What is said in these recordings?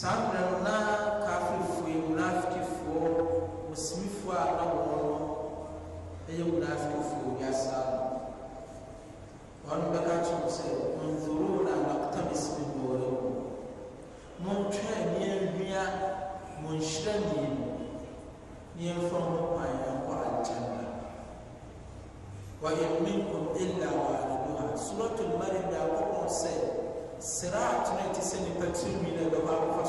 saa mmerɛ no na kafirfoɔ yi munafikifoɔ osimifoɔ a na wɔn no ɛyɛ munafikifoɔ wiasa no wɔn bɛka kyerɛ sɛ nzoro na naktamis mi wɔre mu montwa nneɛ nnua mo nhyira mmienu nneɛmfa ho kwan ɛnkɔ agyanna wɔyɛ minkum illa waariduha suratul maryam yankopɔn sɛ sirat no ɛte sɛ nipa tirimi na ɛbɛbɔ akɔ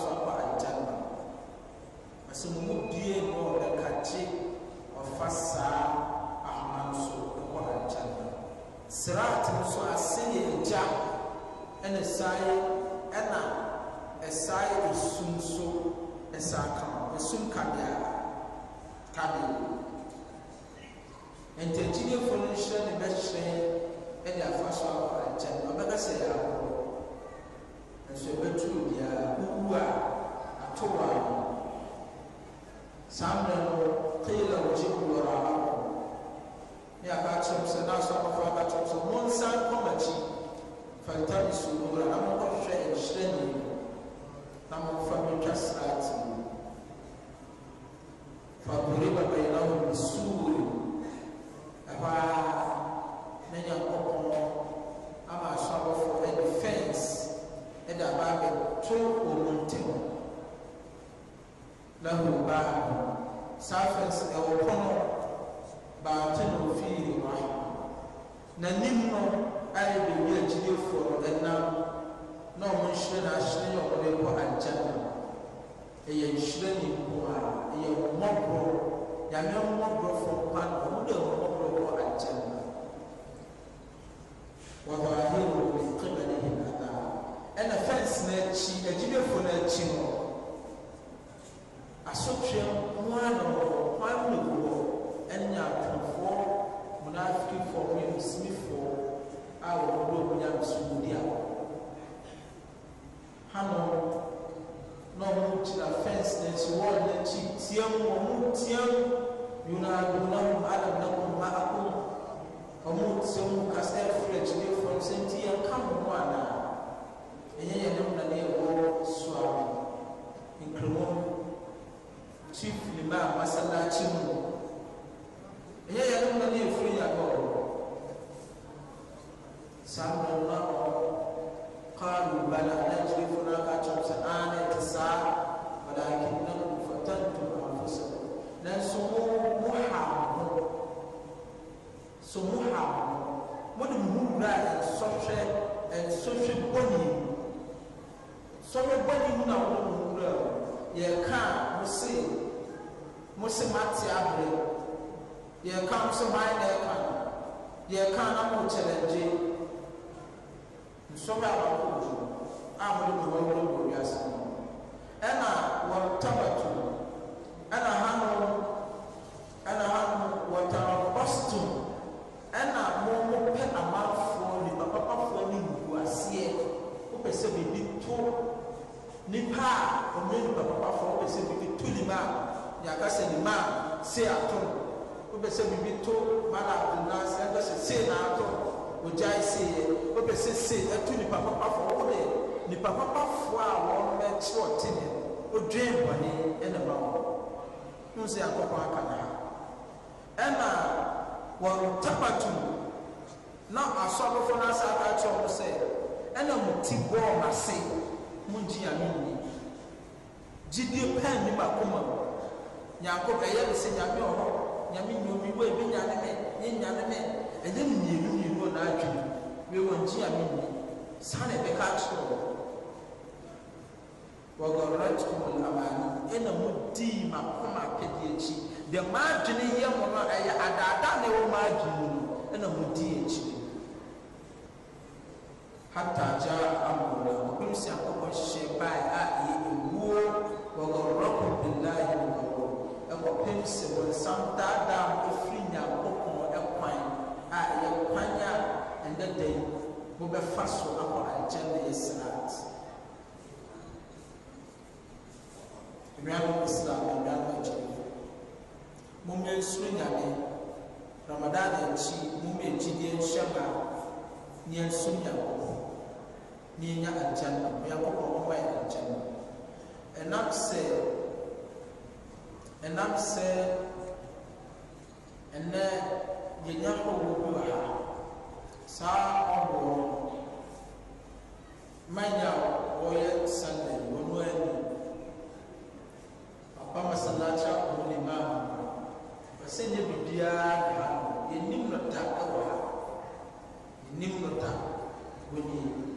ɛna sae ɛna ɛsae esum so ɛsa ka ho esum kabea kabea ntɛnkyinifoɔ no nhyɛ ne bɛhyerɛn ɛde afa so akɔ nkyɛn ɔbɛka sɛ yɛ ahoro nso ɛbɛtu obiara owu a ato wɔ ano saa mmerɛ no keela wɔgye wura ne abɛakyerɛm sɛ n'asɔ akɔfo abɛakyerɛm sɛ wɔn nsa nkɔm akyi fantabisu wura na mokɔhwɛ nhyerɛ ne mu na momfa mɛtwa sraate mu faduriba bainahum bisuuri ɛhɔ a na nyankopɔn ama asɔabɔfoɔ ɛde fɛns ɛde aba abɛto wɔ mu ntɛm lahu baaho saa fɛns ɛwɔ pono baate no fii rahma na nim no been here a gyidiefoɔ now. hanom na ɔmo gyina fence, na wall, wɔn n'akyi tie mu ɔmo tie mu yunaadunahum adadahum ma akom ɔmo tie mu kasa efiri akyire fam sɛ nti yɛn ka mo ho anaa ɛnyɛ yɛn nam na ne ɛwɔ so awo nkramo chief lima masalakyi mu ɛnyɛ yɛn nam na ne efiri yagɔ saa mo na. sɔhwɛ sɔhwɛ bɔni sɔhwɛ bɔni mu na wɔn mu wura yɛ ka mo se mo se ma te abere yɛ ka mo se ma ayɛ na ɛka no yɛ ka na mo kyerɛgye nsɔhwɛ a wɔn kɔ mu a mo de mo wɔn wɔn wɔ wiase no. sei atɔn wopɛ sɛ biribi to malado nase ɛbɛ sɛ sei na atɔn ogyae seiyɛ wopɛ sɛ sei ɛto nnipa papafoɔ wo deɛ nnipa papafoɔ a wɔn mɛkye ɔte ne odwen bɔne ɛne ma wo hu sɛ akɔkɔ aka na ha ɛna wɔtapatum na asɔbɔfoɔ no asa aka kyerɛ wo sɛ ɛna mo ti bɔɔ n'ase mo ngyi ame nni gyidie pɛn ne baako ma wo nyankop ɛyɛ no sɛ nyame ɔhɔ nyame nyomi wo ebi nyane mɛ ne nyane mɛ ɛyɛ no mmienu mmienu wɔ n'adwene wei wɔ nkyi a mi nyi saa na ɛbɛka akyerɛ wɔ wɔgɔrɔt kumul amani ɛna mo dii ma kɔma apɛdeɛ akyi deɛ mo adwene yɛ mo no ɛyɛ adaadaa na ɛwɔ mo adwene mu no ɛna mo dii akyi hata gya amorɛ mo wobɛfa so akɔ agya na yɛ sirat nnuanom islam nnuanom agyini mommɛ nsuro nyame ramadan akyi mommɛ gyidie nhyɛ ma ne nso nyankopɔn ne nya agya no nyankopɔn ɔma yɛ agya no ɛnam sɛ ɛnam sɛ ɛnɛ yɛnya hɔwɔ bi wɔ ha saa mmanya a wɔyɛ sunday wɔn ani papa masalaakye akɔn ne mmaa wɔsɛ nyɛ biribiara ne ha no yɛnim no wɔ ha yɛnim no da wɔ ne